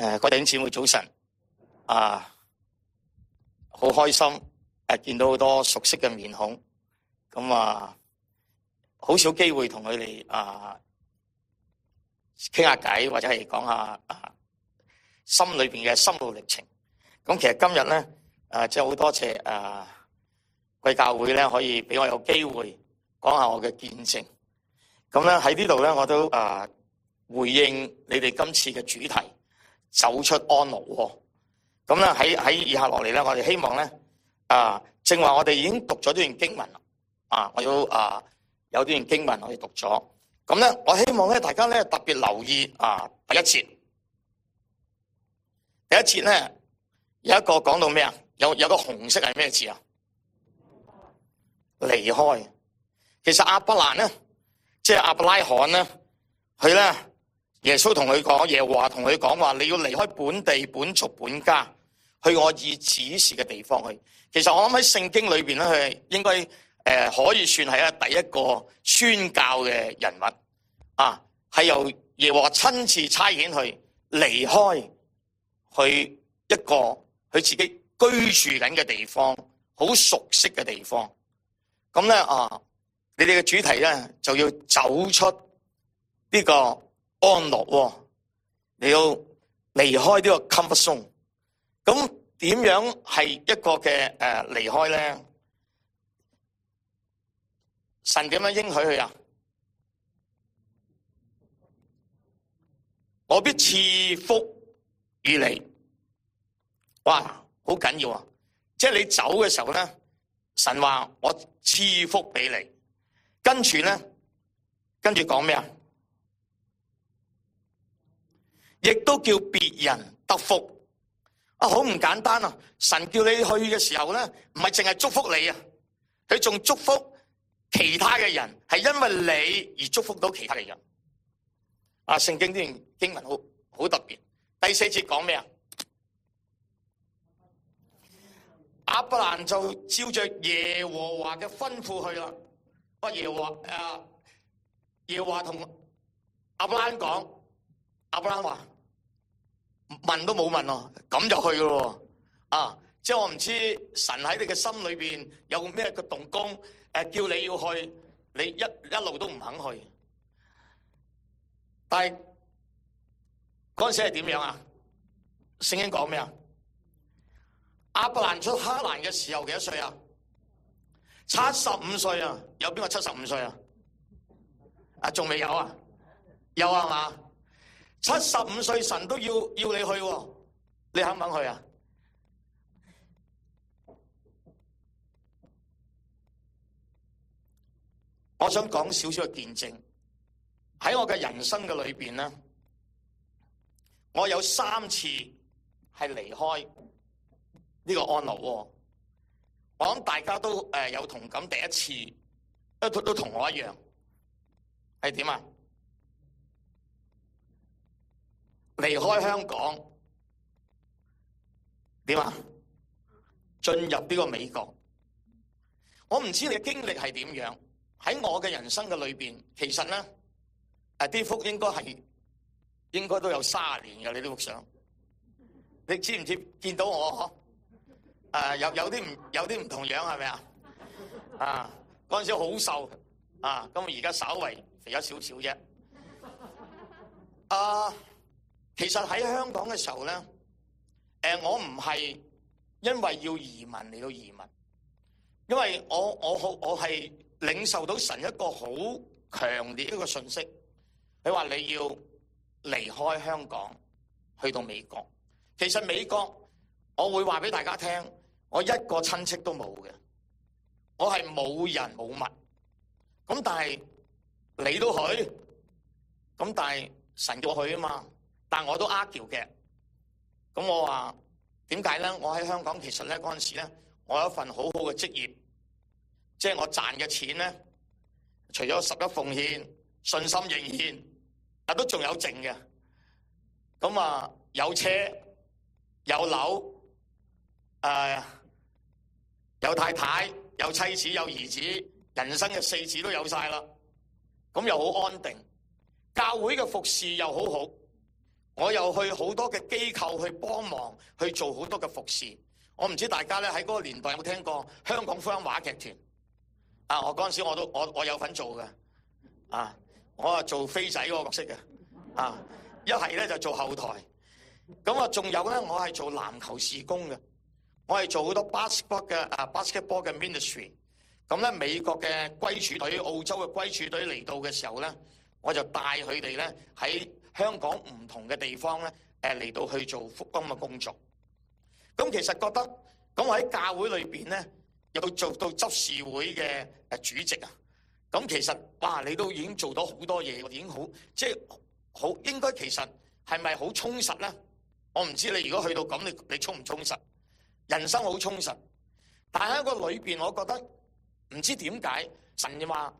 誒，各位姊妹早晨，啊，好開心誒、啊，見到好多熟悉嘅面孔，咁啊，好少機會同佢哋啊傾下偈，或者係講下啊心裏邊嘅心路歷程。咁、啊、其實今日咧，誒、啊，即係好多謝誒、啊、貴教會咧，可以俾我有機會講下我嘅見證。咁咧喺呢度咧，我都誒、啊、回應你哋今次嘅主題。走出安樂窩，咁咧喺喺以下落嚟咧，我哋希望咧啊、呃，正話我哋已經讀咗呢段經文啦，啊，我要啊、呃、有段經文可以讀咗，咁咧我希望咧大家咧特別留意啊，第一節，第一節咧有一個講到咩啊？有有個紅色係咩字啊？離開，其實亞伯蘭咧，即、就、係、是、亞伯拉罕咧，佢咧。耶穌同佢講，耶和華同佢講話，你要離開本地、本族、本家，去我以指示嘅地方去。其實我諗喺聖經裏邊咧，佢應該誒、呃、可以算係一個第一個宣教嘅人物啊，係由耶和華親自差遣去離開去一個佢自己居住緊嘅地方，好熟悉嘅地方。咁咧啊，你哋嘅主題咧就要走出呢、呢個。安樂、哦，你要離開呢個 comfort zone，咁點樣係一個嘅誒、呃、離開咧？神點樣應許佢呀？我必賜福與你，哇，好緊要啊！即係你走嘅時候咧，神話我賜福俾你，跟住咧，跟住講咩啊？亦都叫別人得福，啊，好唔簡單啊！神叫你去嘅時候咧，唔係淨係祝福你啊，佢仲祝福其他嘅人，係因為你而祝福到其他嘅人。啊，聖經呢段經文好好特別。第四節講咩啊？亞伯蘭就照着耶和華嘅吩咐去啦。阿耶和誒，耶和華同、啊、亞伯蘭講，亞伯蘭話。問都冇問咯、啊，咁就去咯、啊，啊！即係我唔知神喺你嘅心裏邊有咩嘅動工，誒、呃，叫你要去，你一一路都唔肯去。但係嗰時係點樣啊？聖經講咩啊？亞伯蘭出哈蘭嘅時候幾多歲啊？七十五歲啊？有邊個七十五歲啊？啊，仲未有啊？有啊，係嘛？七十五歲，神都要要你去，哦，你肯唔肯去啊？我想講少少嘅見證，喺我嘅人生嘅裏邊咧，我有三次係離開呢個安樂窩。我諗大家都誒，有同感，第一次都都同我一樣，係點啊？離開香港點啊？進入呢個美國，我唔知你嘅經歷係點樣。喺我嘅人生嘅裏邊，其實咧，誒、啊，啲幅應該係應該都有三十年嘅。你呢幅相，你知唔知見到我嗬？誒，有有啲唔有啲唔同樣係咪啊？啊，嗰陣時好瘦啊，咁而家稍微肥咗少少啫。啊！其實喺香港嘅時候咧，誒，我唔係因為要移民嚟到移民，因為我我好我係領受到神一個好強烈一個信息，佢話你要離開香港去到美國。其實美國我會話俾大家聽，我一個親戚都冇嘅，我係冇人冇物。咁但係你都去，咁但係神叫去啊嘛。但我都 argue 嘅，咁我話點解咧？我喺香港其實咧嗰陣時咧，我有一份好好嘅職業，即係我賺嘅錢咧，除咗十一奉獻、信心應獻，啊都仲有剩嘅。咁啊，有車有樓，誒、呃、有太太、有妻子、有兒子，人生嘅四子都有晒啦。咁又好安定，教會嘅服侍又好好。我又去好多嘅機構去幫忙，去做好多嘅服侍。我唔知大家咧喺嗰個年代有冇聽過香港福音話劇團啊？我嗰陣時我都我我有份做嘅啊，我啊做飛仔嗰個角色嘅啊。一係咧就做後台，咁啊仲有咧我係做籃球事工嘅，我係做好多 basketball 嘅啊 basketball 嘅 ministry。咁咧美國嘅歸處隊、澳洲嘅歸處隊嚟到嘅時候咧，我就帶佢哋咧喺香港唔同嘅地方咧，誒嚟到去做福音嘅工作。咁其實覺得，咁我喺教會裏邊咧，又做到執事會嘅誒主席啊。咁其實哇！你都已經做到好多嘢，已經好即係好應該。其實係咪好充實咧？我唔知你如果去到咁，你你充唔充實？人生好充實，但係喺一個裏邊，我覺得唔知點解神就話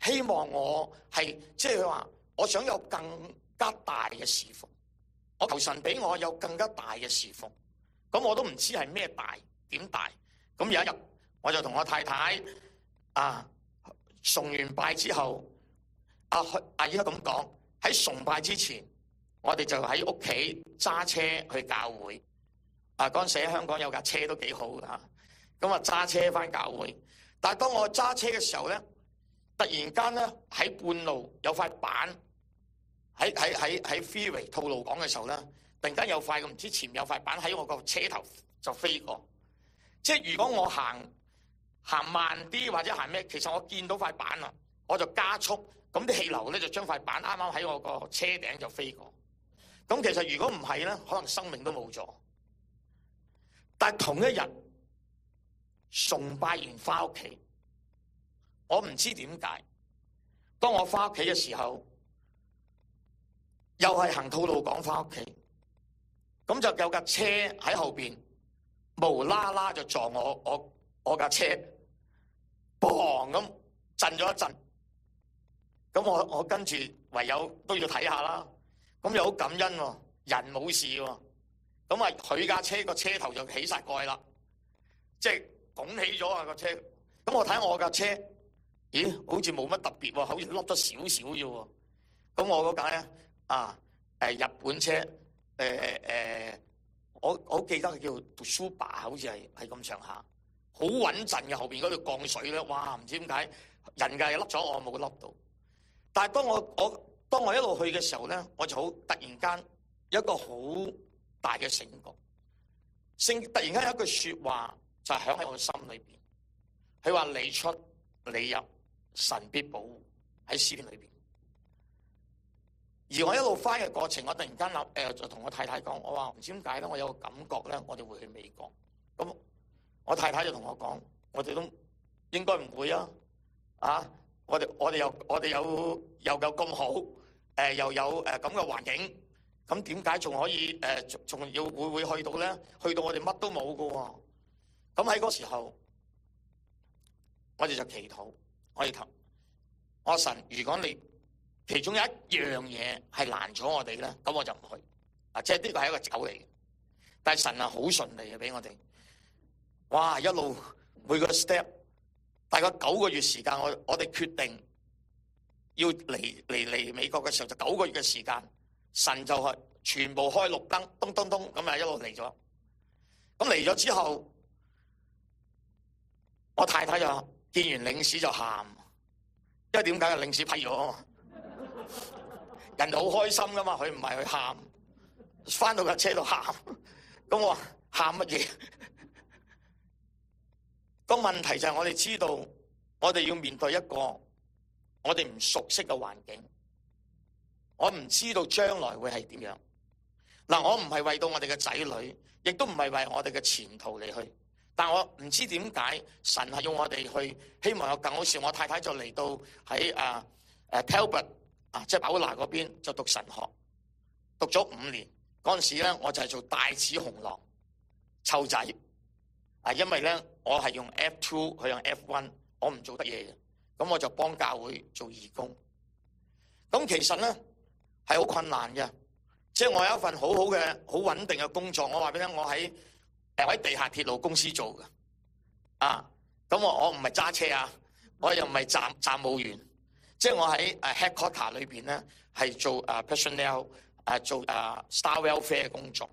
希望我係即係佢話，我想有更。加大嘅事奉，我求神俾我有更加大嘅事奉，咁我都唔知係咩大、點大，咁有一日我就同我太太啊崇完拜之後，阿阿姨都咁講，喺、啊、崇拜之前，我哋就喺屋企揸車去教會，啊嗰陣時喺香港有架車都幾好啊，咁啊揸車翻教會，但係當我揸車嘅時候咧，突然間咧喺半路有塊板。喺喺喺喺 freeway 吐露港嘅時候啦，突然間有塊唔知前面有塊板喺我個車頭就飛過。即係如果我行行慢啲或者行咩，其實我見到塊板啦，我就加速，咁啲氣流咧就將塊板啱啱喺我個車頂就飛過。咁其實如果唔係咧，可能生命都冇咗。但係同一日崇拜完返屋企，我唔知點解，當我翻屋企嘅時候。又係行套路，講翻屋企，咁就有架車喺後邊，無啦啦就撞我，我我架車，砰咁震咗一震，咁我我跟住唯有都要睇下啦。咁又好感恩喎，人冇事喎，咁啊佢架車個車頭就起晒蓋啦，即係拱起咗啊個車。咁我睇下我架車，咦，好似冇乜特別，好似凹咗少少啫。咁我個解啊！誒、呃，日本車，誒、呃、誒、呃，我我記得佢叫 Datsun 吧，好似係係咁上下，好穩陣嘅後邊度降水咧，哇！唔知點解人㗎又笠咗，我冇笠到。但係當我我當我一路去嘅時候咧，我就好突然間有一個好大嘅醒覺，醒突然間有一句說話就響喺我嘅心裏邊，佢話你出你入神必保護，喺詩篇裏邊。而我一路翻嘅過程，我突然間諗誒、呃，就同我太太講：我話唔知點解咧？我有個感覺咧，我哋會去美國。咁我太太就同我講：我哋都應該唔會啊！啊，我哋我哋又我哋有又有咁好誒、呃，又有誒咁嘅環境，咁點解仲可以誒？仲、呃、仲要會會去到咧？去到我哋乜都冇㗎喎。咁喺嗰時候，我哋就祈禱，我哋求我神，如果你其中一樣嘢係難咗我哋啦，咁我就唔去。啊，即係呢個係一個酒嚟嘅，但係神係好順利嘅，俾我哋。哇，一路每個 step，大概九個月時間我，我我哋決定要嚟嚟嚟美國嘅時候就九個月嘅時間，神就係全部開綠燈，咚咚咚咁啊一路嚟咗。咁嚟咗之後，我太太就見完領事就喊，因為點解啊？領事批咗。人好開心噶嘛？佢唔係去喊，翻到架車度喊。咁我話，喊乜嘢？個 問題就係我哋知道，我哋要面對一個我哋唔熟悉嘅環境，我唔知道將來會係點樣。嗱，我唔係爲到我哋嘅仔女，亦都唔係爲我哋嘅前途嚟去。但我唔知點解，神係要我哋去，希望有更好事。我太太就嚟到喺啊誒、啊、Talbert 啊！即係伯拿嗰邊就讀神學，讀咗五年嗰陣時咧，我就係做大紫紅樂湊仔。啊，因為咧我係用 F2 去用 F1，我唔做得嘢嘅，咁我就幫教會做義工。咁其實咧係好困難嘅，即係我有一份好好嘅好穩定嘅工作。我話俾你聽，我喺喺地下鐵路公司做嘅。啊，咁我我唔係揸車啊，我又唔係站站務員。即係我喺誒 headquarter 裏邊咧，係做誒 personnel 誒做誒 star welfare 工作。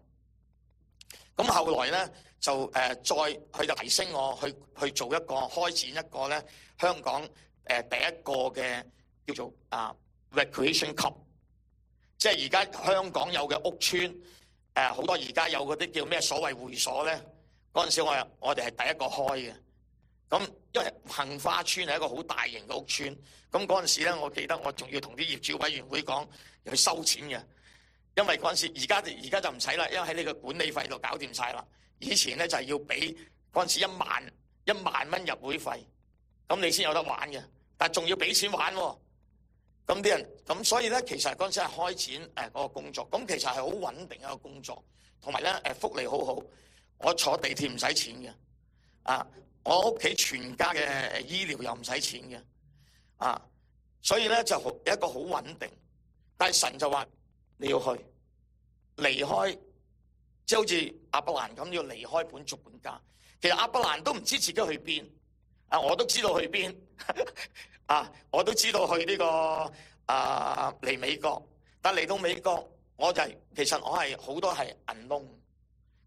咁後來咧就誒再佢就提升我去去做一個開展一個咧香港誒第一個嘅叫做啊 recreation club。即係而家香港有嘅屋邨誒好多而家有啲叫咩所謂會所咧，嗰陣時我我哋係第一個開嘅。咁，因為杏花村係一個好大型嘅屋村，咁嗰陣時咧，我記得我仲要同啲業主委員會講去收錢嘅，因為嗰陣時而家而家就唔使啦，因為喺呢個管理費度搞掂晒啦。以前咧就係、是、要俾嗰陣時一萬一萬蚊入會費，咁你先有得玩嘅，但係仲要俾錢玩喎、哦。咁啲人咁，所以咧其實嗰陣時係開展誒嗰個工作，咁其實係好穩定一個工作，同埋咧誒福利好好，我坐地鐵唔使錢嘅啊。我屋企全家嘅醫療又唔使錢嘅，啊，所以咧就好一個好穩定。但係神就話你要去離開，即係好似亞伯蘭咁要離開本族本家。其實亞伯蘭都唔知自己去邊，去 啊，我都知道去邊、這個，啊，我都知道去呢個啊嚟美國。但係嚟到美國，我就係、是、其實我係好多係銀窿。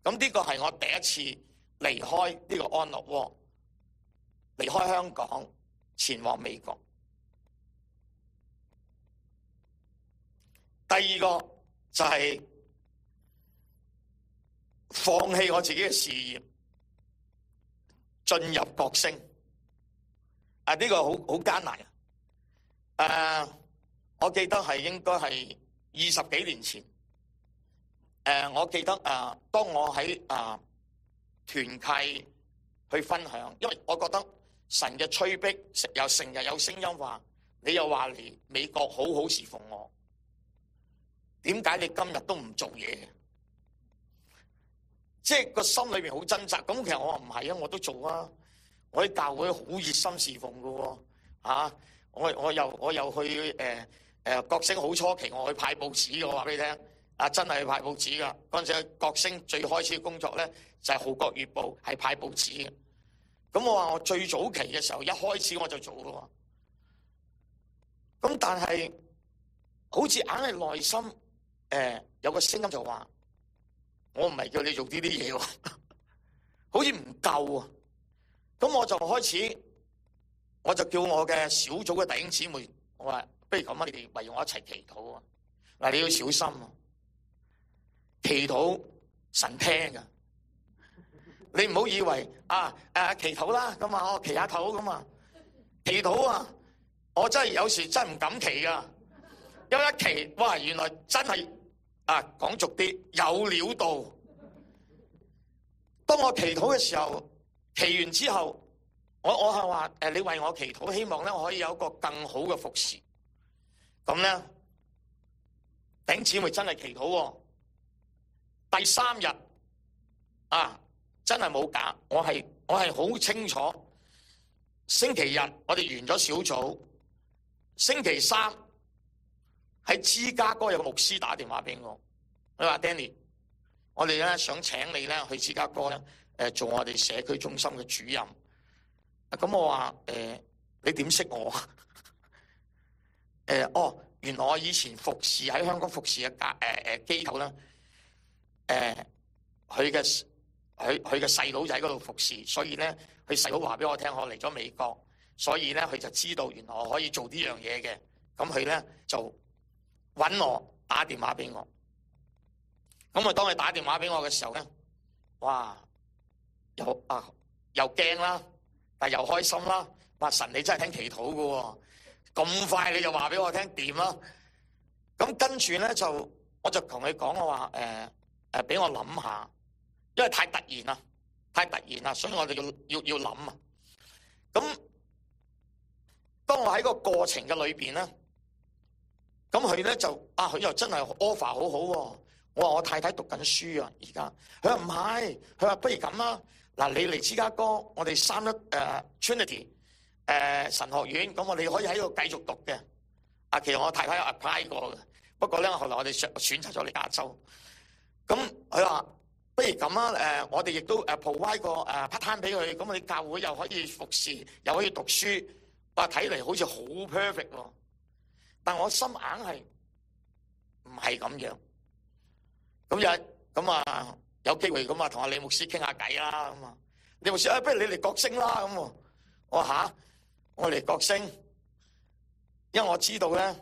咁呢個係我第一次離開呢個安樂窩。離開香港前往美國，第二個就係、是、放棄我自己嘅事業，進入國興。啊，呢、這個好好艱難。誒、啊，我記得係應該係二十幾年前。誒、啊，我記得誒、啊，當我喺誒團契去分享，因為我覺得。神嘅催逼，又成日有聲音話：你又話嚟美國好好侍奉我，點解你今日都唔做嘢？即係個心裏面好掙扎。咁其實我話唔係啊，我都做啊，我啲教會好熱心侍奉嘅喎、啊。我我又我又去誒誒、呃呃、角聲好初期，我去派報紙，我話俾你聽，啊真係派報紙㗎。嗰陣時角聲最開始嘅工作咧，就係《號角月報》，係派報紙嘅。咁我話我最早期嘅時候，一開始我就做咯。咁但係好似硬係內心誒、呃、有個聲音就話，我唔係叫你做呢啲嘢喎，好似唔夠啊。咁、 啊、我就開始，我就叫我嘅小組嘅弟兄姊妹，我話不如咁啊，你哋為我一齊祈禱啊。嗱，你要小心啊，祈禱神聽噶。你唔好以為啊誒祈禱啦咁啊，我祈下禱咁啊，祈禱啊，啊，啊，我真係有時真唔敢祈噶、啊，因為一祈哇，原來真係啊講俗啲有料到，當我祈禱嘅時候，祈完之後，我我係話誒，你為我祈禱，希望咧我可以有一個更好嘅服侍，咁咧頂錢咪真係祈禱、啊，第三日啊。真係冇假，我係我係好清楚。星期日我哋完咗小組，星期三喺芝加哥有個牧師打電話俾我，佢話 Danny，我哋咧想請你咧去芝加哥咧誒做我哋社區中心嘅主任。咁、啊嗯、我話誒、呃、你點識我？誒、啊、哦，原來我以前服侍喺香港服侍一間誒誒機構啦。誒佢嘅。呃佢佢嘅細佬就喺嗰度服侍，所以咧佢細佬話俾我聽，我嚟咗美國，所以咧佢就知道原來我可以做呢樣嘢嘅。咁佢咧就搵我，打電話俾我。咁啊，當佢打電話俾我嘅時候咧，哇！又啊又驚啦，但又開心啦。哇神，你真係聽祈禱嘅喎，咁快你就話俾我聽掂啦？咁跟住咧就我就同佢講，呃呃、我話誒誒，俾我諗下。因為太突然啦，太突然啦，所以我哋要要要諗啊。咁當我喺個過程嘅裏邊咧，咁佢咧就啊佢又真係 offer 好好喎。我話我太太讀緊書啊，而家佢話唔係，佢話不，不如咁啦。嗱，你嚟芝加哥，我哋三一誒、uh, Trinity 誒、uh, 神學院，咁我哋可以喺度繼續讀嘅。啊，其實我太太有 apply 過嘅，不過咧後來我哋選選擇咗嚟亞洲。咁佢話。不如咁啦，誒、呃，我哋亦都誒 provide 個 part-time 俾佢，咁、呃、你教會又可以服侍，又可以讀書，話睇嚟好似好 perfect 咯。但我心硬係唔係咁樣。咁又咁啊，有機會咁啊，同阿李牧師傾下偈啦。咁啊，李牧師啊、哎，不如你嚟角聲啦。咁我話吓，我嚟角、啊、聲，因為我知道咧，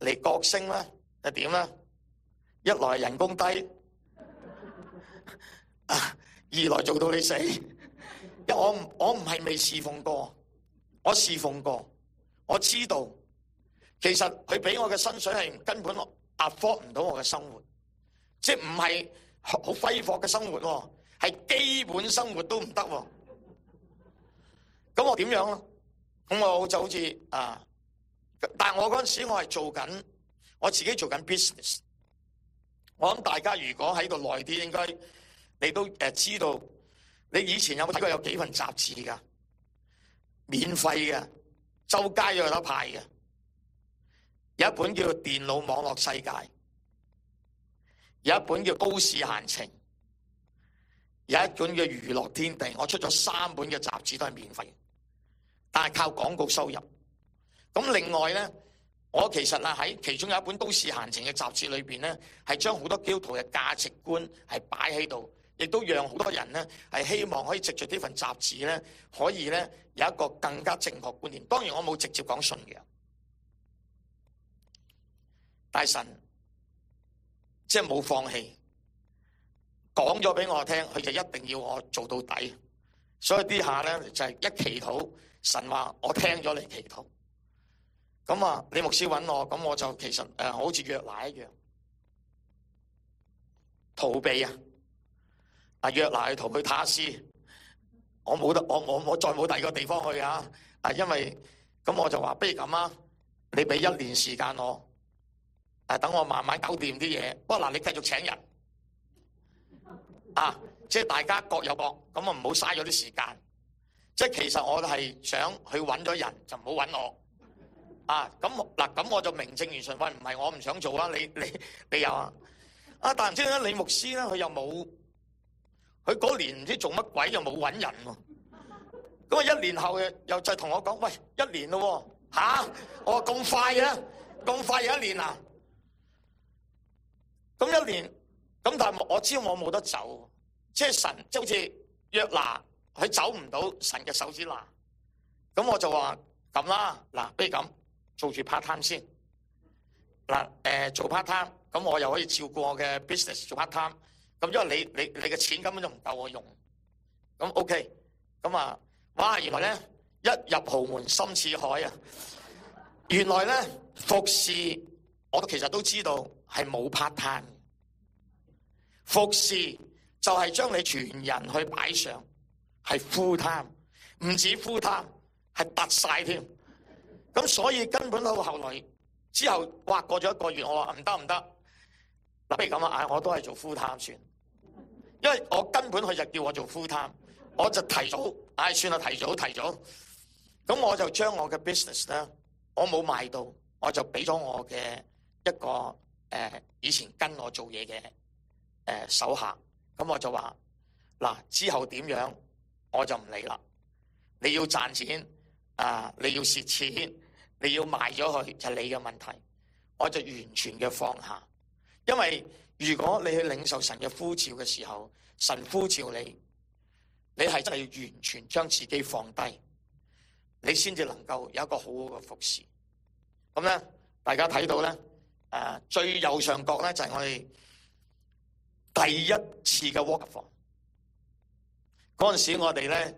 嚟角聲咧係點咧？一來人工低。啊！二來做到你死，因為我我唔係未侍奉過，我侍奉過，我知道其實佢俾我嘅薪水係根本 afford 唔到我嘅生活，即係唔係好揮霍嘅生活，係基本生活都唔得。咁我點樣咯？咁我就好似啊，但我嗰陣時我係做緊，我自己做緊 business。我諗大家如果喺度耐啲，應該。你都誒知道，你以前有冇睇過有幾份雜誌噶？免費嘅，周街都有得派嘅。有一本叫做《電腦網絡世界》，有一本叫《都市閒情》，有一本叫《娛樂天地》。我出咗三本嘅雜誌都係免費，但係靠廣告收入。咁另外咧，我其實啊喺其中有一本《都市閒情》嘅雜誌裏邊咧，係將好多基督徒嘅價值觀係擺喺度。亦都讓好多人呢係希望可以藉住呢份雜誌呢，可以呢有一個更加正確觀念。當然我冇直接講信仰，但神即係冇放棄，講咗俾我聽，佢就一定要我做到底。所以呢下呢就係、是、一祈禱，神話我聽咗你祈禱。咁啊，你牧師揾我，咁我就其實誒、呃，好似約拿一樣逃避啊。啊約嗱去同佢睇下我冇得我我我再冇第二個地方去啊！啊因為咁我就話不如咁啦，你俾一年時間我，啊等我慢慢搞掂啲嘢。不過嗱你繼續請人啊，即係大家各有各，咁啊唔好嘥咗啲時間。即係其實我係想去揾咗人就唔好揾我啊。咁嗱咁我就名正言順話唔係我唔想做啦、啊，你你你有啊，啊？啊但唔知點解，李牧師咧佢又冇。佢嗰年唔知做乜鬼又冇揾人，咁啊一年後又再同我講，喂，一年咯，哦，吓，啊？我話咁快嘅啊，咁快有一年啊，咁一年，咁但係我知道我冇得走，即係神即係好似約拿，佢走唔到神嘅手指嗱，咁我就話咁啦，嗱，不如咁做住 part time 先，嗱，誒，呃，做 part time，咁我又可以照顧我嘅 business 做 part time。咁因為你你你嘅錢根本就唔夠我用，咁 OK，咁啊，哇！原來咧一入豪門深似海啊，原來咧服侍我都其實都知道係冇 part time，服侍就係將你全人去擺上，係 full time，唔止 full time，係凸晒添。咁所以根本到後來之後，哇！過咗一個月，我話唔得唔得。嗱，譬如咁啊，我都係做 full time 算，因為我根本佢就叫我做 full time，我就提早，唉、哎，算啦，提早提早，咁我就將我嘅 business 咧，我冇賣到，我就俾咗我嘅一個誒、呃、以前跟我做嘢嘅誒手下，咁我就話，嗱，之後點樣，我就唔理啦，你要賺錢啊、呃，你要蝕錢，你要賣咗佢，就係你嘅問題，我就完全嘅放下。因為如果你去領受神嘅呼召嘅時候，神呼召你，你係真係要完全將自己放低，你先至能夠有一個好好嘅服侍。咁咧，大家睇到咧，誒、啊，最右上角咧就係、是、我哋第一次嘅 work 坊。嗰陣時我哋咧，誒、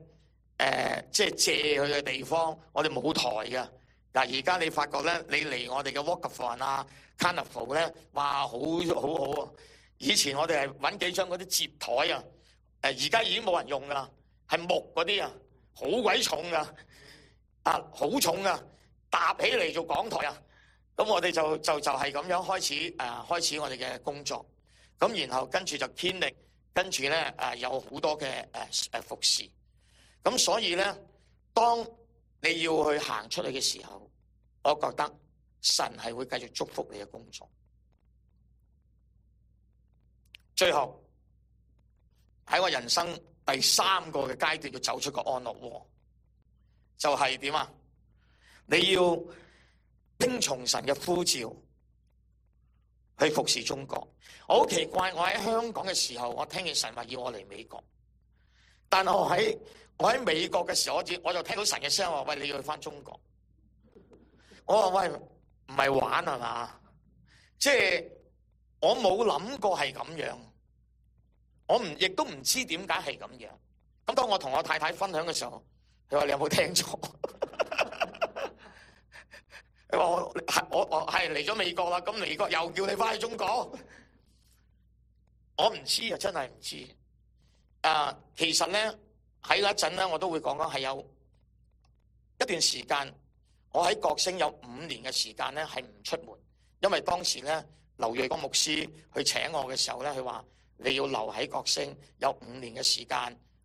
呃，即、就、係、是、借佢嘅地方，我哋冇台嘅。嗱，而家你發覺咧，你嚟我哋嘅 work 坊啊！carnival 咧，kind of all，哇，好好好啊！以前我哋係揾幾張嗰啲折台啊，誒，而家已經冇人用噶啦，係木嗰啲啊，好鬼重噶，啊，好重啊，搭起嚟做講台啊，咁我哋就就就係咁樣開始誒、呃，開始我哋嘅工作，咁然後跟住就編力，跟住咧誒有好多嘅誒誒服侍，咁所以咧，當你要去行出去嘅時候，我覺得。神係會繼續祝福你嘅工作。最後喺我人生第三個嘅階段要走出個安樂窩，war, 就係點啊？你要聽從神嘅呼召去服侍中國。我好奇怪，我喺香港嘅時候，我聽見神話要我嚟美國，但我喺我喺美國嘅時候，我就我聽到神嘅聲話：喂，你要去翻中國。我話喂。唔係玩係嘛，即係我冇諗過係咁樣，我唔亦都唔知點解係咁樣。咁當我同我太太分享嘅時候，佢話你有冇聽錯？佢 話我係我我係嚟咗美國啦，咁美國又叫你翻去中國，我唔知啊，真係唔知。啊、呃，其實咧喺一陣咧，我都會講講係有一段時間。我喺國星有五年嘅時間咧，係唔出門，因為當時咧，劉瑞光牧師去請我嘅時候咧，佢話你要留喺國星有五年嘅時間，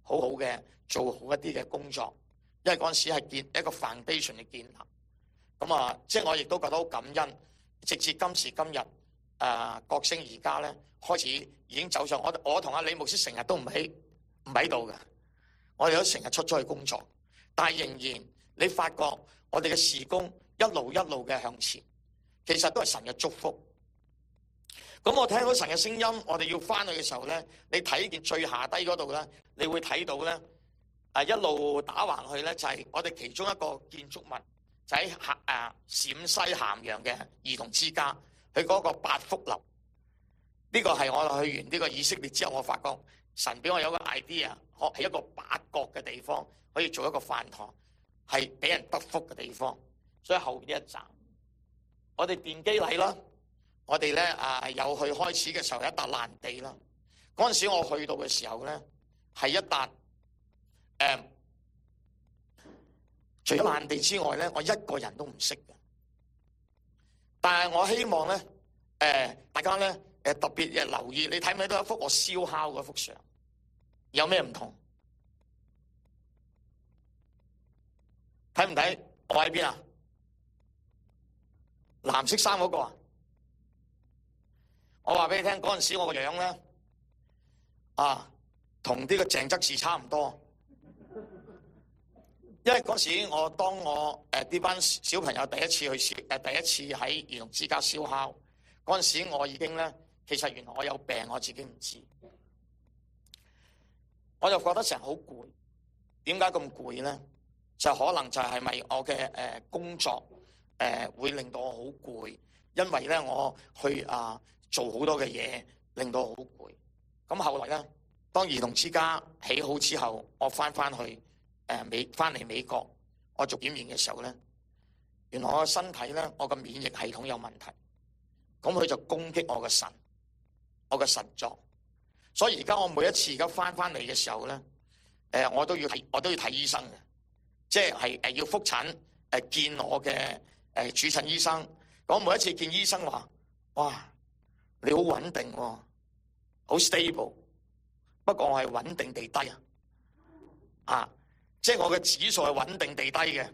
好好嘅做好一啲嘅工作，因為嗰陣時係建一個 foundation 嘅建立。咁啊，即係我亦都覺得好感恩，直至今時今日，誒、呃，國星而家咧開始已經走上，我我同阿李牧師成日都唔喺唔喺度噶，我哋都成日出咗去工作，但係仍然你發覺。我哋嘅事工一路一路嘅向前，其實都係神嘅祝福。咁我聽到神嘅聲音，我哋要翻去嘅時候咧，你睇見最下低嗰度咧，你會睇到咧，誒一路打橫去咧，就係我哋其中一個建築物，就喺咸誒陝西咸陽嘅兒童之家，佢嗰個八福樓。呢、呢個係我去完呢個以色列之後，我發覺神俾我有個 idea，喺一個八角嘅地方，可以做一個飯堂。係俾人得福嘅地方，所以後邊呢一站，我哋電機禮啦，我哋咧啊有去開始嘅時候有一笪爛地啦，嗰陣時我去到嘅時候咧係一笪誒、啊，除咗爛地之外咧，我一個人都唔識嘅，但係我希望咧誒、啊、大家咧誒、啊、特別嘅留意，你睇唔睇到一幅我燒烤嗰幅相，有咩唔同？睇唔睇？看看我喺邊啊？藍色衫嗰個啊！我話俾你聽，嗰陣時我個樣咧，啊，同呢個鄭則仕差唔多，因為嗰時我當我誒呢、啊、班小朋友第一次去、啊、第一次喺兒童之家燒烤，嗰陣時我已經咧，其實原來我有病，我自己唔知道，我就覺得成日好攰，點解咁攰呢？就可能就係咪我嘅誒工作誒會令到我好攰？因為咧我去啊做好多嘅嘢，令到我好攰。咁後來咧，當兒童之家起好之後，我翻翻去誒美翻嚟美國，我做漸驗檢驗嘅時候咧，原來我個身體咧，我個免疫系統有問題。咁佢就攻擊我個腎，我個腎臟。所以而家我每一次而家翻翻嚟嘅時候咧，誒我都要睇，我都要睇醫生嘅。即係誒，要復診誒，見我嘅誒、呃、主診醫生。我每一次見醫生話，哇，你好穩定喎，哦，好 stable。不過我係穩定地低啊，啊，即係我嘅指數係穩定地低嘅。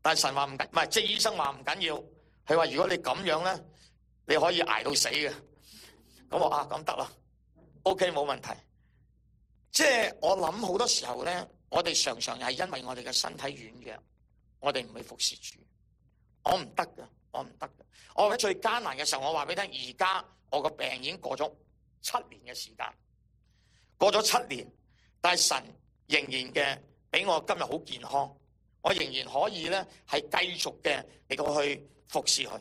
但係神話唔緊，唔係即係醫生話唔緊要，佢話如果你咁樣咧，你可以捱到死嘅。咁我啊，咁得啦，OK 冇問題。即係我諗好多時候咧。我哋常常係因為我哋嘅身體軟弱，我哋唔去服侍主。我唔得噶，我唔得噶。我喺最艱難嘅時候，我話俾你聽，而家我個病已經過咗七年嘅時間，過咗七年，但係神仍然嘅俾我今日好健康，我仍然可以咧係繼續嘅嚟到去服侍佢。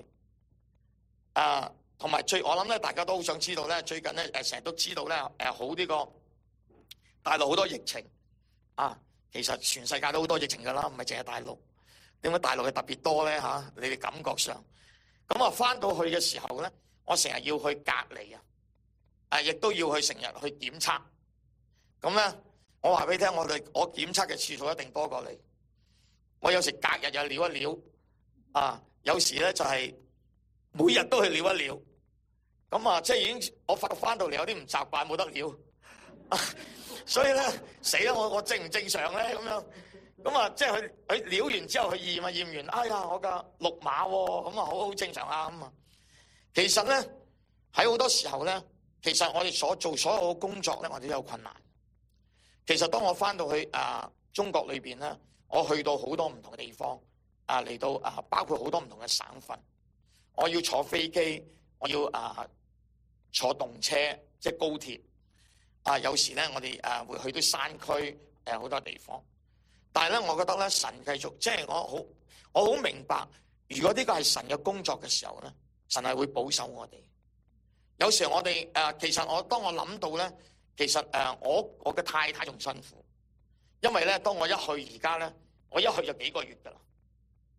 啊，同埋最我諗咧，大家都好想知道咧，最近咧誒成日都知道咧誒、呃、好呢、這個大陸好多疫情。啊，其實全世界都好多疫情噶啦，唔係淨係大陸。點解大陸係特別多咧？吓、啊，你哋感覺上，咁啊翻到去嘅時候咧，我成日要去隔離啊，啊，亦都要去成日去檢測。咁、啊、咧，我話俾你聽，我哋我檢測嘅次數一定多過你。我有時隔日又撩一撩，啊，有時咧就係、是、每日都去撩一撩。咁啊，即係已經我發覺翻到嚟有啲唔習慣，冇得撩。啊 所以咧，死啦！我我正唔正常咧？咁樣咁啊，即係佢佢撩完之後，佢驗啊驗完？哎呀，我㗎綠碼喎！咁啊，好好正常啱啊。其實咧，喺好多時候咧，其實我哋所做所有嘅工作咧，我哋都有困難。其實當我翻到去啊中國裏邊咧，我去到好多唔同嘅地方啊，嚟到啊，包括好多唔同嘅省份，我要坐飛機，我要啊坐動車，即係高鐵。啊，有時咧，我哋誒、啊、會去到山區誒好、啊、多地方，但係咧，我覺得咧，神繼續即係我好，我好明白，如果呢個係神嘅工作嘅時候咧，神係會保守我哋。有時我哋誒、啊、其實我當我諗到咧，其實誒、啊、我我嘅太太仲辛苦，因為咧，當我一去而家咧，我一去就幾個月㗎啦，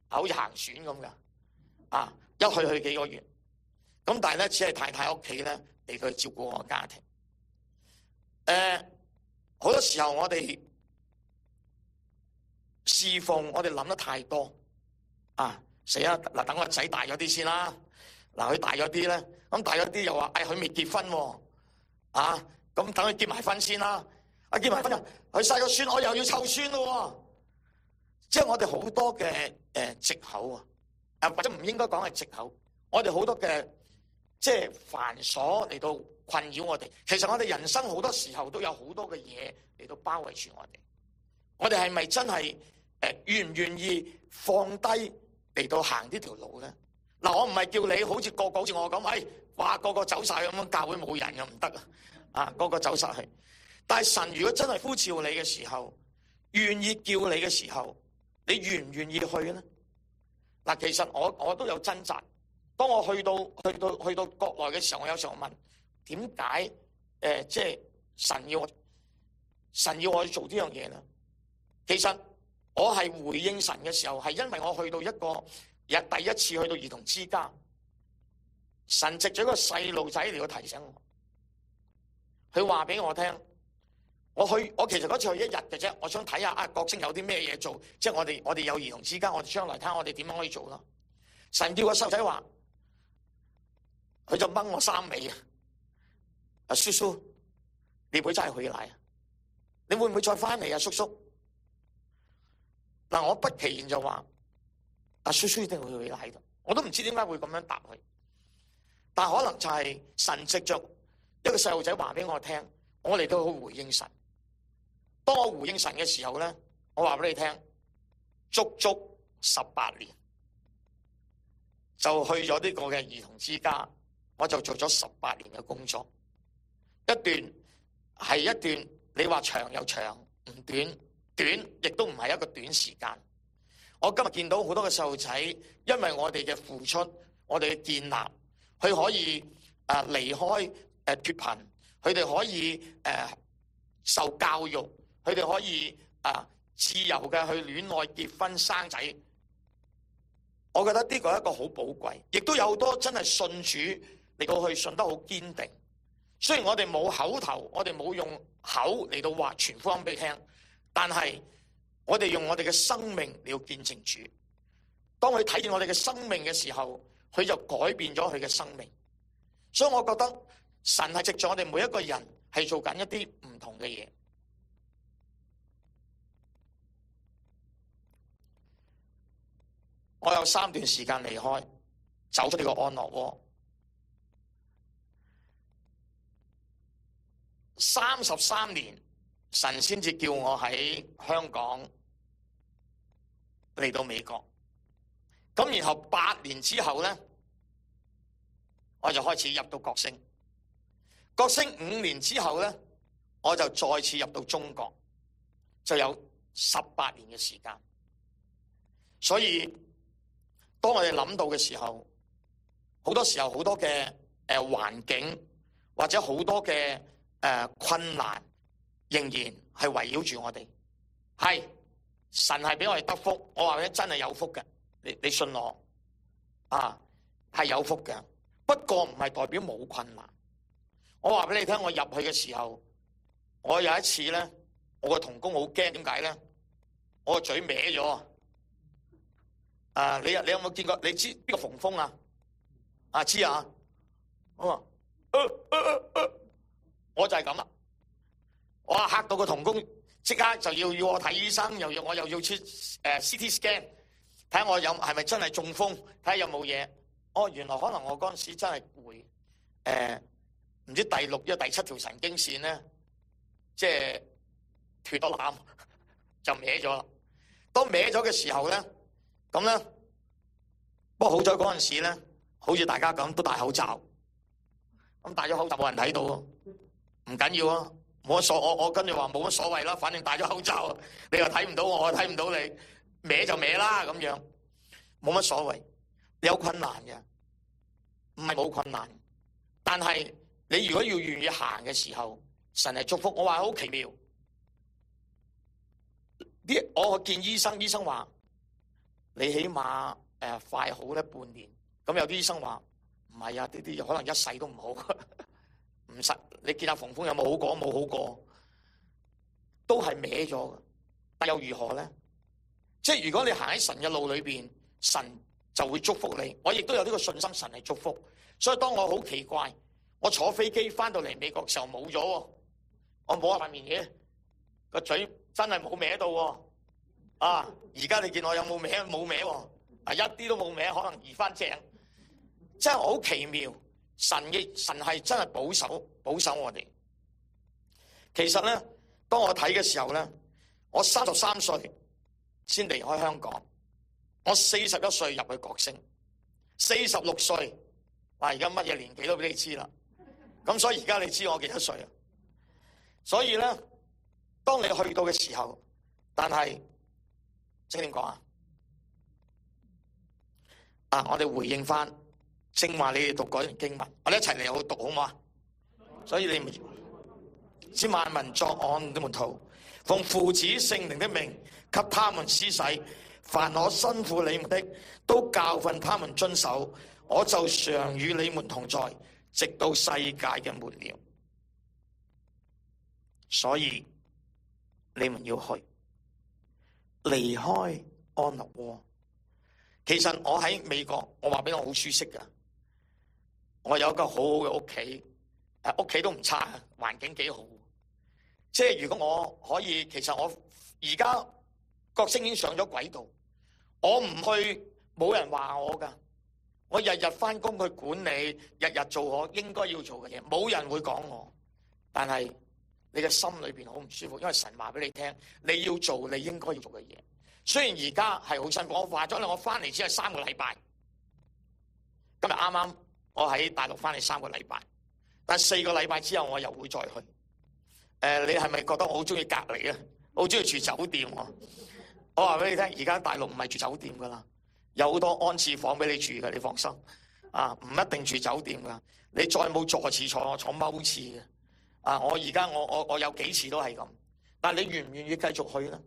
好似行船咁㗎，啊，一去去幾個月，咁但係咧，只係太太屋企咧俾佢照顧我家庭。誒，好多時候我哋侍奉，我哋諗得太多啊，死啦，嗱，等我個仔大咗啲先啦，嗱，佢大咗啲咧，咁大咗啲又話，哎，佢未結婚喎，啊，咁等佢結埋婚先啦，啊結埋婚啊，佢生個孫我又要湊孫咯，即係我哋好多嘅誒藉口啊，或者唔應該講係藉口，我哋好多嘅。即係繁瑣嚟到困擾我哋，其實我哋人生好多時候都有好多嘅嘢嚟到包圍住我哋，我哋係咪真係誒願唔願意放低嚟到行呢條路咧？嗱，我唔係叫你好似個個好似我咁，哎話個個走晒咁樣，教會冇人又唔得啊，啊個個走晒去，但係神如果真係呼召你嘅時候，願意叫你嘅時候，你願唔願意去咧？嗱，其實我我都有掙扎。當我去到去到去到國內嘅時候，我有時候問點解誒，即係神要神要我，神要我去做呢樣嘢咧？其實我係回應神嘅時候，係因為我去到一個日第一次去到兒童之家，神藉咗一個細路仔嚟去提醒我，佢話俾我聽，我去我其實嗰次去一日嘅啫，我想睇下啊，國青有啲咩嘢做，即係我哋我哋有兒童之家，我哋將來睇下我哋點樣可以做咯。神叫個細路仔話。佢就掹我衫尾啊！阿、啊、叔叔，你，再去、啊、你會，會再回來啊？你會唔會再返嚟啊？叔叔嗱，我不期然就話：阿、啊、叔叔一定會回來。我都唔知點解會咁樣答佢，但可能就係神藉着一個細路仔話俾我聽，我哋都好回應神。當我回應神嘅時候咧，我話俾你聽，足足十八年就去咗呢個嘅兒童之家。我就做咗十八年嘅工作，一段係一段，你話長又長，唔短短，亦都唔係一個短時間。我今日見到好多嘅細路仔，因為我哋嘅付出，我哋嘅建立，佢可以啊、呃、離開誒、呃、脫貧，佢哋可以誒、呃、受教育，佢哋可以啊、呃、自由嘅去戀愛、結婚、生仔。我覺得呢個係一個好寶貴，亦都有好多真係信主。你過去信得好堅定，雖然我哋冇口頭，我哋冇用口嚟到話傳講俾聽，但係我哋用我哋嘅生命嚟到見證主。當佢睇見我哋嘅生命嘅時候，佢就改變咗佢嘅生命。所以，我覺得神係藉住我哋每一個人係做緊一啲唔同嘅嘢。我有三段時間離開，走出呢個安樂窩。三十三年，神先至叫我喺香港嚟到美國，咁然後八年之後咧，我就開始入到國星。國星五年之後咧，我就再次入到中國，就有十八年嘅時間。所以當我哋諗到嘅時候，好多時候好多嘅誒環境或者好多嘅。誒、呃，困難仍然係圍繞住我哋。係神係俾我哋得福，我話俾你真係有福嘅，你你信我啊，係有福嘅。不過唔係代表冇困難。我話俾你聽，我入去嘅時候，我有一次咧，我個同工好驚，點解咧？我個嘴歪咗啊！你有你有冇見過？你知邊個馮峰啊？阿、啊、芝啊！我話，啊啊啊我就係咁啦，我嚇到個同工，即刻就要要我睇醫生，又要我又要切誒 CT scan 睇下我有係咪真係中風，睇下有冇嘢。哦，原來可能我嗰陣時真係攰，誒、呃、唔知第六、一第七條神經線咧，即係脫到纜， 就歪咗啦。當歪咗嘅時候咧，咁咧，不過好彩嗰陣時咧，好似大家咁都戴口罩，咁戴咗口罩冇人睇到咯。唔緊要啊，冇乜所，我我跟住話冇乜所謂啦，啊，反正戴咗口罩，你又睇唔到我，我睇唔到你，歪就歪啦咁樣，冇乜所謂。你有困難嘅，唔係冇困難，但係你如果要願意行嘅時候，神係祝福。我話好奇妙，啲我見醫生，醫生話你起碼誒快好咧半年，咁有啲醫生話唔係啊，呢啲可能一世都唔好。 唔實，你見阿馮峰有冇好過？冇好過，都係歪咗嘅。但又如何咧？即係如果你行喺神嘅路裏邊，神就會祝福你。我亦都有呢個信心，神係祝福。所以當我好奇怪，我坐飛機翻,到嚟美國嘅時候冇咗，我摸下塊面嘢，個嘴真係冇歪到。啊，而家你見我有冇歪？冇歪，啊，一啲都冇歪，可能移翻正，真係好奇妙。神嘅神係真係保守，保守我哋。其實咧，當我睇嘅時候咧，我三十三歲先離開香港，我四十一歲入去國星，四十六歲，啊而家乜嘢年紀都俾你知啦。咁所以而家你知我幾多歲啊？所以咧，當你去到嘅時候，但係，即點講啊，啊，我哋回應翻。正話你哋讀嗰啲經文，我哋一齊嚟好讀好嘛？所以你們，這萬民作案的門徒，奉父子聖靈的名，給他們施洗。凡我吩咐你們的，都教訓他們遵守。我就常與你們同在，直到世界嘅末了。所以你們要去，離開安樂窩。其實我喺美國，我話俾我好舒適㗎。我有一個好好嘅屋企，屋企都唔差，環境幾好。即係如果我可以，其實我而家角色已經上咗軌道，我唔去，冇人話我噶。我日日翻工去管理，日日做我應該要做嘅嘢，冇人會講我。但係你嘅心裏邊好唔舒服，因為神話俾你聽，你要做你應該要做嘅嘢。雖然而家係好辛苦，我話咗啦，我翻嚟只係三個禮拜，今日啱啱。我喺大陸翻嚟三個禮拜，但四個禮拜之後我又會再去。誒、呃，你係咪覺得我好中意隔離啊？好中意住酒店啊？我話俾你聽，而家大陸唔係住酒店噶啦，有好多安置房俾你住噶，你放心。啊，唔一定住酒店噶，你再冇坐廁坐我坐踎廁嘅。啊，我而家我我我有幾次都係咁。但你願唔願意繼續去咧？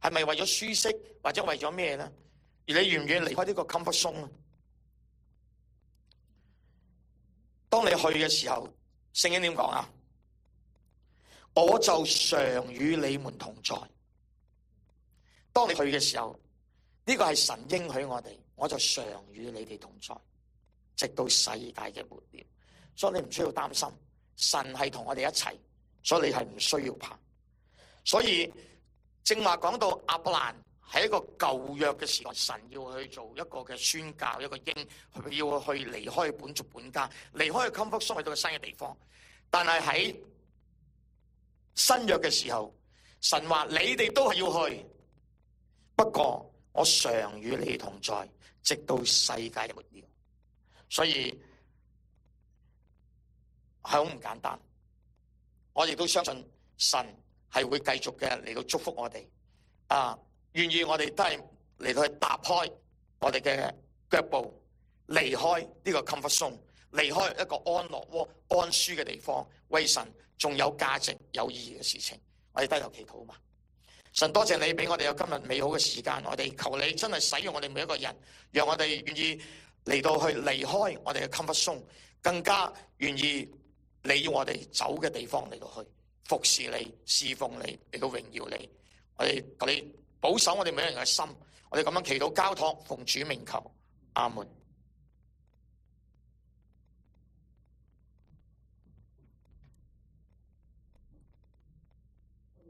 係咪為咗舒適或者為咗咩咧？而你願唔願意離開呢個 comfort zone 咧？當你去嘅時候，聖經點講啊？我就常與你們同在。當你去嘅時候，呢、這個係神應許我哋，我就常與你哋同在，直到世界嘅末了。所以你唔需要擔心，神係同我哋一齊，所以你係唔需要怕。所以正話講到亞伯蘭。喺一個舊約嘅時代，神要去做一個嘅宣教，一個英佢要去離開本族本家，離開個 comfort zone 去到個新嘅地方。但係喺新約嘅時候，神話你哋都係要去，不過我常與你同在，直到世界末了。所以係好唔簡單。我哋都相信神係會繼續嘅嚟到祝福我哋啊！願意我哋都係嚟到去踏開我哋嘅腳步，離開呢個 comfort zone，離開一個安樂窩、安舒嘅地方，為神仲有價值、有意義嘅事情，我哋低頭祈禱嘛。神多謝你俾我哋有今日美好嘅時間，我哋求你真係使用我哋每一個人，讓我哋願意嚟到去離開我哋嘅 comfort zone，更加願意你要我哋走嘅地方嚟到去服侍你、侍奉你，嚟到榮耀你。我哋嗰啲。保守我哋每一人嘅心，我哋咁樣祈禱交託，奉主名求，阿門。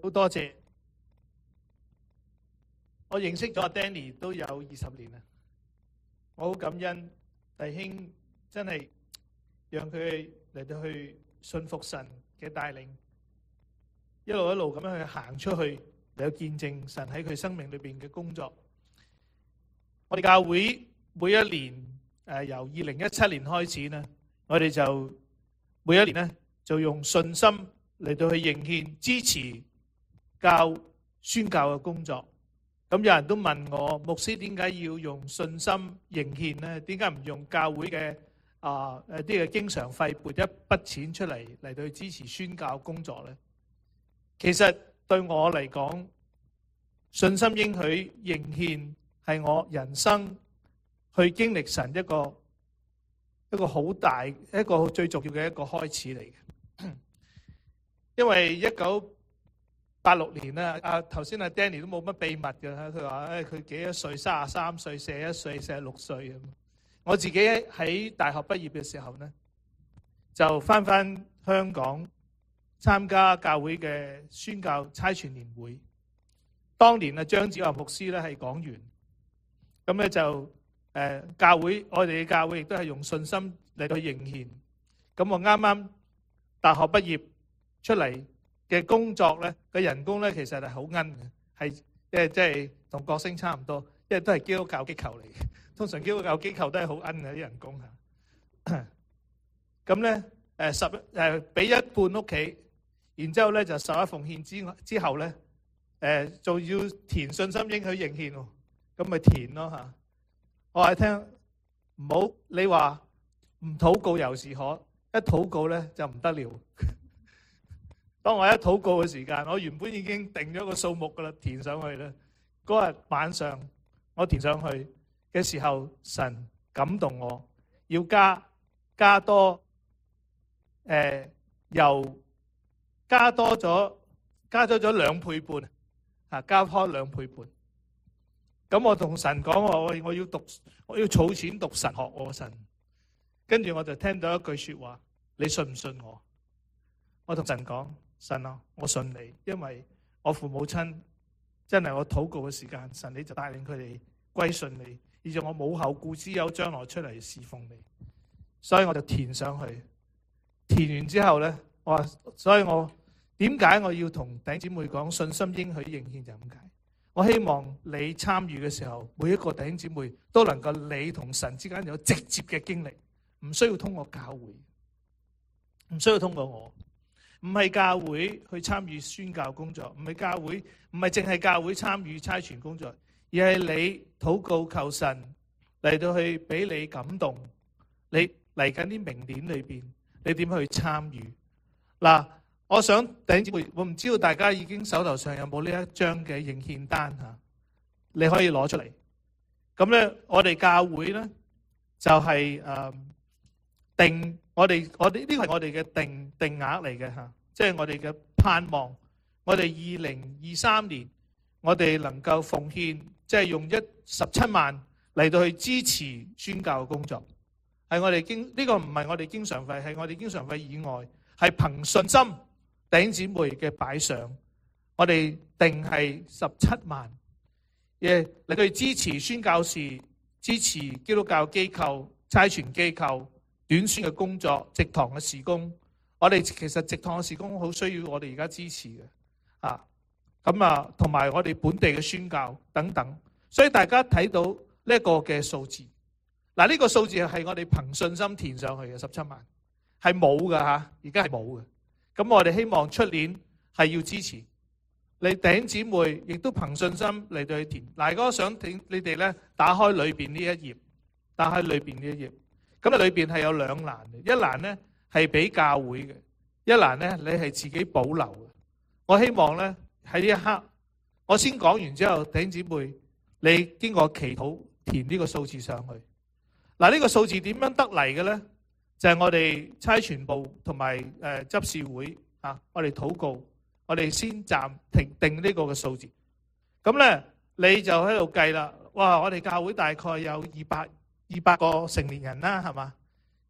好多謝，我認識咗阿 Danny 都有二十年啦，我好感恩弟兄真係讓佢嚟到去信服神嘅帶領，一路一路咁樣去行出去。有見證神喺佢生命裏邊嘅工作。我哋教會每一年，誒由二零一七年開始咧，我哋就每一年咧就用信心嚟到去認獻支持教宣教嘅工作。咁有人都問我牧師點解要用信心認獻咧？點解唔用教會嘅啊誒啲嘅經常費撥一筆錢出嚟嚟到去支持宣教工作咧？其實。對我嚟講，信心應許應獻係我人生去經歷神一個一個好大一個最重要嘅一個開始嚟嘅。 因為一九八六年啦，阿頭先阿 Danny 都冇乜秘密嘅啦，佢話佢幾多歲？三十三歲、四十一歲、四十六歲，我自己喺大學畢業嘅時候呢，就翻返香港。參加教會嘅宣教差傳年會，當年啊，張子華牧師咧係講員，咁咧就誒、呃、教會我哋嘅教會亦都係用信心嚟去認獻，咁我啱啱大學畢業出嚟嘅工作咧嘅人工咧其實係好奀嘅，係即係即係同國星差唔多，因為都係基督教機構嚟嘅，通常基督教機構都係好奀嘅啲人工吓。咁咧誒十誒俾、呃、一半屋企。然之後咧就受一奉獻之之後咧，誒、呃、仲要填信心應許認獻喎，咁咪填咯嚇。我係聽唔好你話唔禱告又是可，一禱告咧就唔得了。 當我一禱告嘅時間，我原本已經定咗個數目噶啦，填上去咧。嗰日晚上我填上去嘅時候，神感動我要加加多誒又。呃加多咗，加多咗兩倍半啊！加多兩倍半。咁我同神講：我我要讀，我要儲錢讀神學。我的神，跟住我就聽到一句說話：你信唔信我？我同神講：神啊，我信你，因為我父母親真係我禱告嘅時間，神你就帶領佢哋歸信你，而且我冇後顧之憂，將來出嚟侍奉你。所以我就填上去，填完之後呢，我話：所以我。點解我要同弟兄姊妹講信心應許認獻就咁解？我希望你參與嘅時候，每一個弟兄姊妹都能夠你同神之間有直接嘅經歷，唔需要通過教會，唔需要通過我，唔係教會去參與宣教工作，唔係教會，唔係淨係教會參與差傳工作，而係你禱告求神嚟到去，俾你感動。你嚟緊啲明年裏邊，你點去參與嗱？我想頂住會，我唔知道大家已經手頭上有冇呢一張嘅認獻單，你可以攞出嚟。咁咧，我哋教會咧就係呃定，我哋我哋呢個係我哋嘅定定額嚟嘅嚇，即係我哋嘅盼望。我哋二零二三年我哋能夠奉獻，即係用一十七萬嚟到去支持宣教嘅工作，係我哋經呢個唔係我哋經常費，係我哋經常費以外，係憑信心。頂姊妹嘅擺上，我哋定係十七萬例如，對、yeah, 支持宣教士、支持基督教機構、差傳機構、短宣嘅工作、直堂嘅事工，我哋其實直堂嘅事工好需要我哋而家支持嘅啊。咁啊，同埋我哋本地嘅宣教等等，所以大家睇到呢一個嘅數字，嗱、啊、呢、這個數字係我哋憑信心填上去嘅，十七萬係冇㗎吓，而家係冇嘅。啊咁我哋希望出年係要支持你弟兄姊妹，亦都憑信心嚟，到去填。大哥想請你哋咧，打開裏邊呢一頁，打開裏邊呢一頁。咁啊，裏邊係有兩欄嘅，一欄咧係俾教會嘅，一欄咧你係自己保留嘅。我希望咧喺呢一刻，我先講完之後，弟兄姊妹，你經過祈禱填呢個數字上去。嗱，呢個數字點樣得嚟嘅咧？就係我哋差傳部同埋誒執事會啊，我哋禱告，我哋先暫停定呢個嘅數字。咁、嗯、咧你就喺度計啦。哇！我哋教會大概有二百二百個成年人啦，係嘛？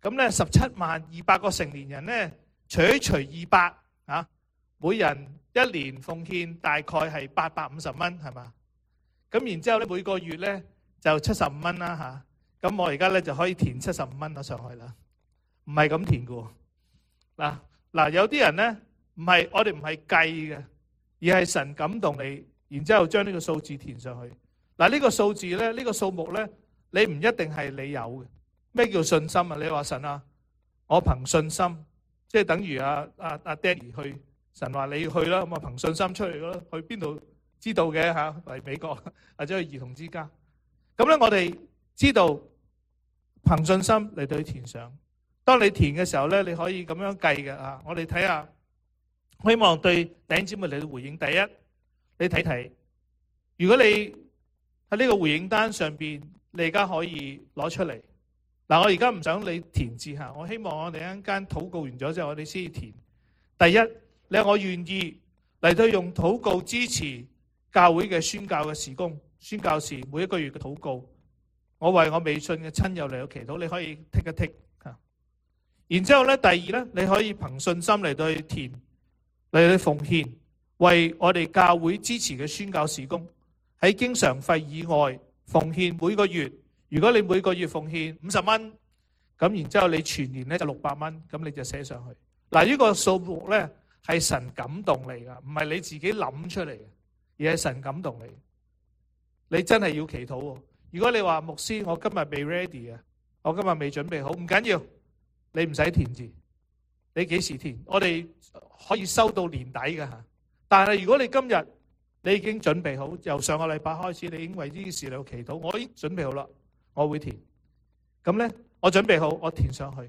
咁咧十七萬二百個成年人咧，除除二百啊，每人一年奉獻大概係八百五十蚊，係嘛？咁、嗯、然之後咧每個月咧就七十五蚊啦嚇。咁、啊嗯、我而家咧就可以填七十五蚊咗上去啦。唔係咁填嘅，嗱，嗱，有啲人咧唔係我哋唔係計嘅，而係神感動你，然之後將呢個數字填上去。嗱，呢個數字咧，呢個數目咧，你唔一定係你有嘅。咩叫信心啊？你話神啊，我憑信心，即係等於阿阿阿爹去，神話你去啦，咁啊憑信心出嚟咯，去邊度知道嘅吓？嚟美國或者去兒童之家。咁咧我哋知道憑信心嚟對填上。當你填嘅時候咧，你可以咁樣計嘅啊！我哋睇下，我希望對頂姊妹嚟到回應。第一，你睇睇，如果你喺呢個回應單上邊，你而家可以攞出嚟。嗱，我而家唔想你填字吓，我希望我哋一陣間禱告完咗之後，我哋先填。第一，你話我願意嚟到用禱告支持教會嘅宣教嘅事工、宣教士，每一個月嘅禱告，我為我未信嘅親友嚟到祈禱，你可以剔一剔。然之後咧，第二咧，你可以憑信心嚟對填，嚟對奉獻，為我哋教會支持嘅宣教事工喺經常費以外奉獻每個月。如果你每個月奉獻五十蚊咁，然之後你全年咧就六百蚊咁，你就寫上去嗱。這個、數呢個數目咧係神感動嚟噶，唔係你自己諗出嚟嘅，而係神感動嚟嘅。你真係要祈禱喎。如果你話牧師，我今日未 ready 啊，我今日未準備好，唔緊要。你唔使填字，你幾時填？我哋可以收到年底㗎吓。但係如果你今日你已經準備好，由上個禮拜開始，你已經為呢件事嚟到祈禱，我已經準備好啦，我會填。咁呢，我準備好，我填上去。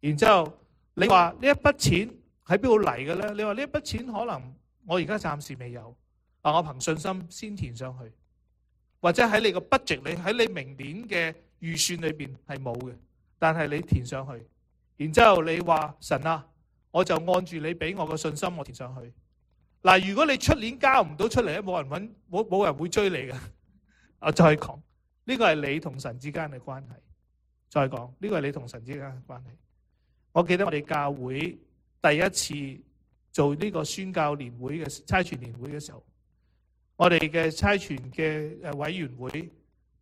然之後你話呢一筆錢喺邊度嚟嘅呢？你話呢一筆錢可能我而家暫時未有，但我憑信心先填上去，或者喺你個 budget，你喺你明年嘅預算裏邊係冇嘅，但係你填上去。然之後你話神啊，我就按住你俾我嘅信心，我填上去。嗱，如果你出年交唔到出嚟咧，冇人揾，冇冇人會追你㗎。 我再講，呢、這個係你同神之間嘅關係。再講，呢、這個係你同神之間嘅關係。我記得我哋教會第一次做呢個宣教年會嘅差傳年會嘅時候，我哋嘅差傳嘅誒委員會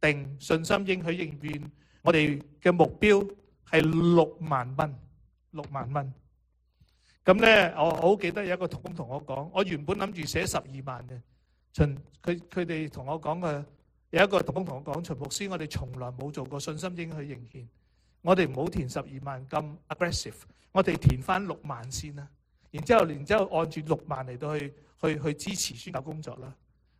定信心應許應願，我哋嘅目標。係六萬蚊，六萬蚊。咁咧，我好記得有一個同工同我講，我原本諗住寫十二萬嘅，秦佢佢哋同我講嘅，有一個同工同我講，秦牧師，我哋從來冇做過信心，應去認獻，我哋唔好填十二萬咁 aggressive，我哋填翻六萬先啦，然之後，然之後按住六萬嚟到去去去支持宣教工作啦。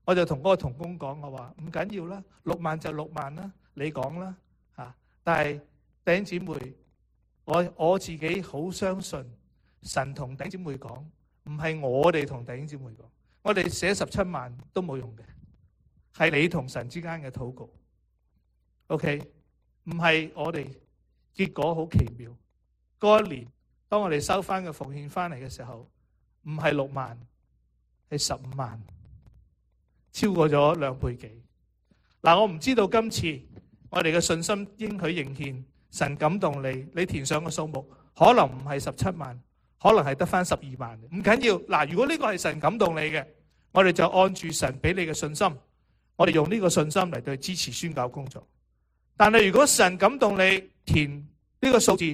我就同嗰個同工講，我話唔緊要啦，六萬就六萬啦，你講啦，吓，但係。弟兄姊妹，我我自己好相信神同弟兄姊妹講，唔係我哋同弟兄姊妹講，我哋寫十七萬都冇用嘅，係你同神之間嘅禱告。OK，唔係我哋結果好奇妙。嗰一年當我哋收翻嘅奉獻翻嚟嘅時候，唔係六萬，係十五萬，超過咗兩倍幾。嗱，我唔知道今次我哋嘅信心應許應獻。神感動你，你填上個數目，可能唔係十七萬，可能係得翻十二萬，唔緊要。嗱，如果呢個係神感動你嘅，我哋就按住神俾你嘅信心，我哋用呢個信心嚟對支持宣教工作。但係如果神感動你填呢個數字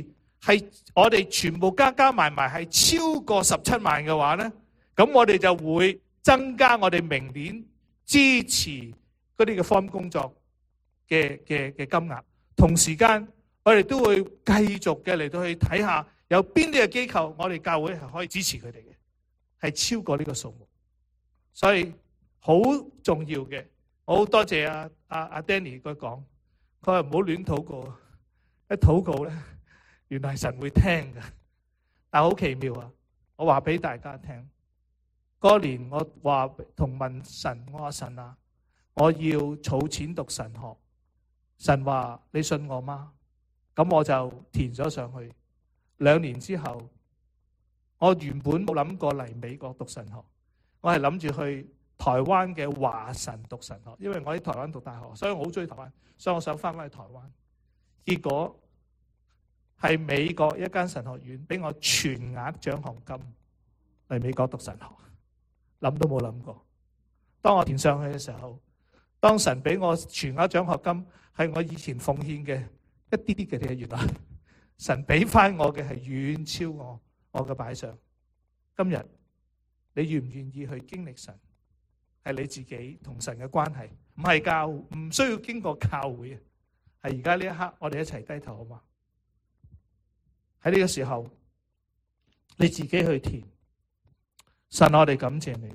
係我哋全部加加埋埋係超過十七萬嘅話咧，咁我哋就會增加我哋明年支持嗰啲嘅方工作嘅嘅嘅金額，同時間。我哋都會繼續嘅嚟到去睇下有邊啲嘅機構，我哋教會係可以支持佢哋嘅，係超過呢個數目，所以好重要嘅。好多謝阿阿阿 Danny 佢講，佢話唔好亂禱告，一禱告咧，原來神會聽㗎，但係好奇妙啊！我話俾大家聽，嗰、那個、年我話同問神，我阿神啊，我要儲錢讀神學，神話，你信我嗎？咁我就填咗上去。兩年之後，我原本冇諗過嚟美國讀神學，我係諗住去台灣嘅華神讀神學，因為我喺台灣讀大學，所以我好中意台灣，所以我想翻返去台灣。結果係美國一間神學院俾我全額獎學金嚟美國讀神學，諗都冇諗過。當我填上去嘅時候，當神俾我全額獎學金，係我以前奉獻嘅。一啲啲嘅嘢，原來神俾翻我嘅係遠超我，我嘅擺上。今日你願唔願意去經歷神？係你自己同神嘅關係，唔係教，唔需要經過教會。係而家呢一刻，我哋一齊低頭好嘛？喺呢個時候，你自己去填。神，我哋感謝你。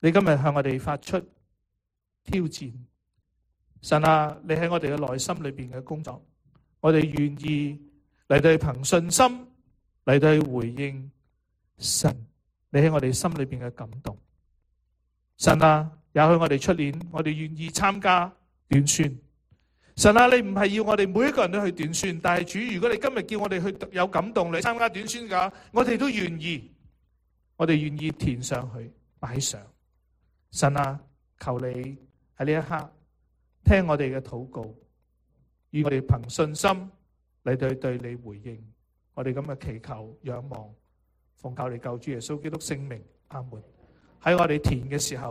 你今日向我哋發出挑戰。神啊，你喺我哋嘅內心裏邊嘅工作，我哋願意嚟對憑信心嚟對回應神。你喺我哋心裏邊嘅感動，神啊，也許我哋出年我哋願意參加短宣。神啊，你唔係要我哋每一個人都去短宣，但係主，如果你今日叫我哋去有感動嚟參加短宣㗎，我哋都願意。我哋願意填上去擺上。神啊，求你喺呢一刻，聽我哋嘅禱告，願我哋憑信心嚟對對你回應，我哋咁嘅祈求仰望，奉靠你救主耶穌基督聖名，阿門。喺我哋填嘅時候。